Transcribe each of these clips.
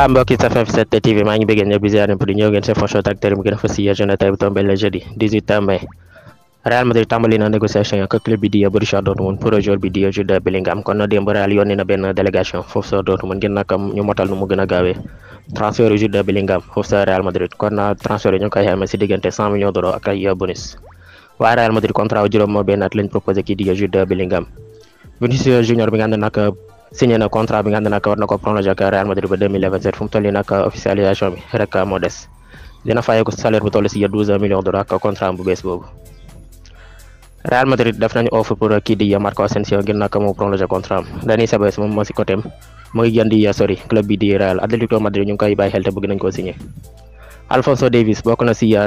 salaam mbokki safin fi 7 TV maa ngi bëggee ñëpp di seen fonction tracteur mu gën a fas yéene journée tey bu tombé le jeudi mai Real Madrid tàmbali na négociation ak club bi di Borussia Dortmund pour joueur bi di Jude Bellingham kon na démb Real yónni benn délégation foofu sa Dortmund ngir nag ñu motal nu gën a gaawee transfert Jude Bellingham foofu sa Real Madrid kon na transfert yi ñu koy xamee si diggante 100 millions d'euros ak ay bonus waa Real Madrid signé na contrat bi nga xam ne war na ko prolongé ak Real Madrid ba deux mille vingt officialisation bi rek moo des dina fayee ko salaire bu toll si douze millions d'euros ak contrat bu bees boobu. Real Madrid def nañu offre pour kii di Marco Asensio ngir nag mu prolongé contrat am Dani Ceballos moom moo si côté am mu ngi gën di euh, sori club bi di Real Atlético Madrid ñu ngi koy bàyyi xel te bëgg nañu koo signé. Alphonso Davies bokk na si euh,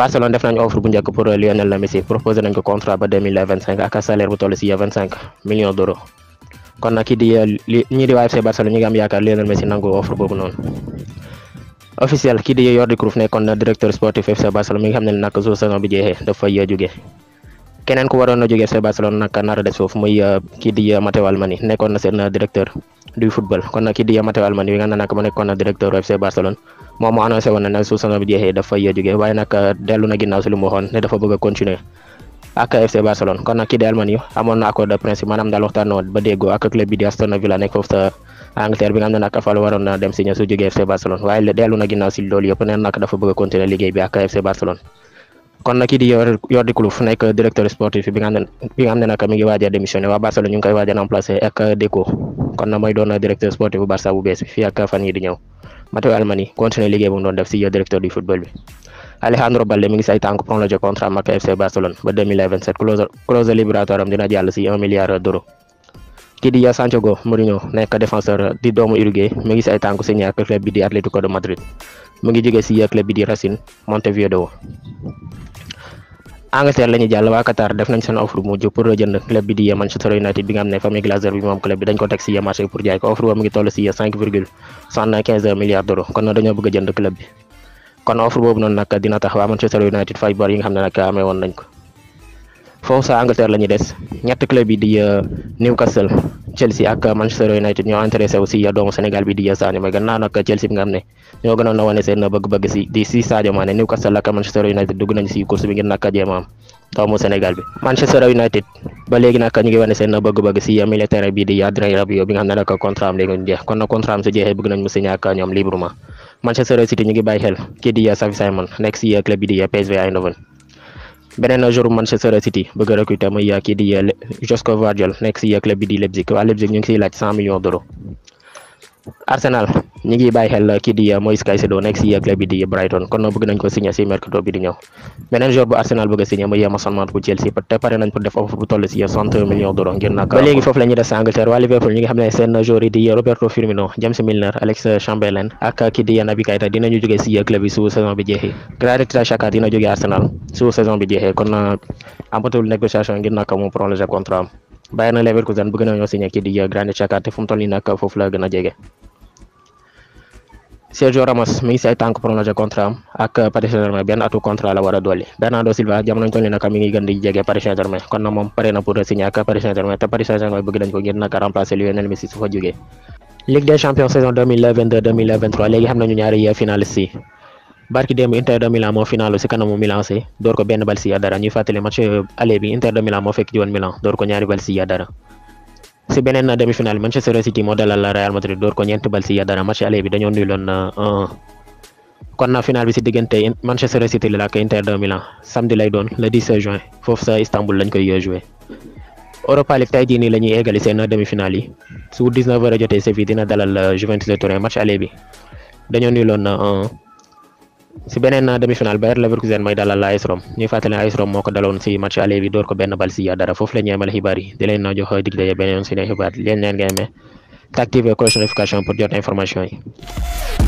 Barcelone def nañu offre bu njëkk pour Lionel Messi proposé nañ contrat ba 2025 ak salaire bu toll si 25 millions d'euros kon nag ki di euh, ñii di waa di Jordi Cruyff nekkoon na directeur sportif FC Barcelone mi nga xam ne nag su bi jeexee daf fay euh, jógee keneen ku waroon a jógee FC Barcelone nag nar des foofu muy euh, kii di euh, Matteo Almani nekkoon na seen euh, directeur du football kon nag kii di Matteo Almani wi nga ne nag mu nekkoon directeur dellu na ginnaaw si lu mu ne dafa bëgg a continuer ak FC Barcelone kon nag kii di Almani amoon na accord de principe maanaam daal waxtaanoon ba déggoo ak club bi di Aston Villa nekk foofu sa Angleterre bi waroon na dem si ñëw dellu na ginnaaw si loolu yëpp ne nag dafa bëgg a continuer liggéey bi ak kon nag kii di Jordi Kloof nekk directeur sportif bi nga xam ne bi nga ngi waaj a waa Barcelone ñu ngi koy waaj a remplacé kon na mooy doon directeur sportif bu Barça bu bees bi fii ak fan yi di ñëw Matteo Almani continué liggéey bu doon def si directeur du football bi Alejandro Balde mi ngi say tànk prolongé contrat ak FC Barcelone ba 2027 clause dina jàll si 1 milliard kii di Santiago Mourinho nekk défenseur Angleterre la jàll waa Qatar def nañ seen offre mu mujj pour jënd club bi di Manchester United bi nga xam ne famille Glazer bi moom club bi dañ ko teg si marché pour jaay ko offre ba ngi toll si 5 milliards d'euros kon nag dañoo bëgg a jënd club bi kon offre boobu noonu nag dina tax waa Manchester United fay bor yi nga xam ne nag amee woon nañ ko foofu sa Angleterre la des ñett club yi di euh, Newcastle Chelsea ak Manchester United ñoo intéressé aussi ya euh, doomu Sénégal bi di euh, Sadio Mané gannaaw a wane seen bëgg-bëgg si di si Newcastle ak Manchester United United ba léegi nag ñu ngi wane seen bëgg-bëgg si milieu terrain bi nga xam ne nag contrat am léegi jeex kon nag contrat am su jeexee bëgg ñoom librement Manchester City ñu ngi bàyyi xel kii di Xavi Simons nekk si club bi di PSV Eindhoven beneen jour Manchester City bëgg a recruter muy kii di Josko Vardiol nekk si club bi di Leipzig waa Leipzig ñu ngi siy laaj cent millions d'euros Arsenal ñi ngi bàyyi xel kii di uh, Moïse Caicedo nekk si uh, club bi di Brighton kon bëgg nañ ko signé si mercato bi di ñëw beneen joueur bu Arsenal bëgg a signé muy uh, Mason Mount bu Chelsea te pare nañ pour def offre bu toll si 60 millions d'euros ngir nag ba léegi foofu la ñuy des Angleterre waa Liverpool ñi nga xam seen joueur yi di Roberto Firmino James Milner Alex Chamberlain ak kii di Naby Keita dinañu jógee si club bi su saison bi bi jeexee Bayern Leverkusen bëgg nañoo signé kii di euh, Granit Xhaka te fu mu toll nii nag foofu gën a jege. Sergio Ramos mi ngi si ay tànk am ak euh, Paris Saint-Germain benn atu contrat la war a dolli Bernardo Silva jamono ñu toll nii nag ngi gën di jege Paris Saint-Germain kon nag moom pare na pour signé ak Paris Saint-Germain te Paris Saint-Germain bëgg nañ ko ngir nag remplacer Lionel Messi su fa jógee. Ligue des champions saison léegi xam nañu barki démb Inter de Milan moo finalu si kanamu Milan si door ko benn bal dara ñuy fàttali match aller Inter de Milan moo fekk ji Milan door ko ñaari bal dara si beneen demi-finale bi Manchester City moo dalal euh, la ak Inter euh, Juventus de Turin match aller dañoo nuyoon euh, si beneen demi-finale Bayer Leverkusen mooy dalal AS Rome ñuy fàttali AS Rome moo ko daloon si match aller door ko benn bal si dara foofu la ñu xibaar yi di leen jox dig daje beneen si ne xibaar leen leen nga amee t'activer cloche notification pour jot information yi.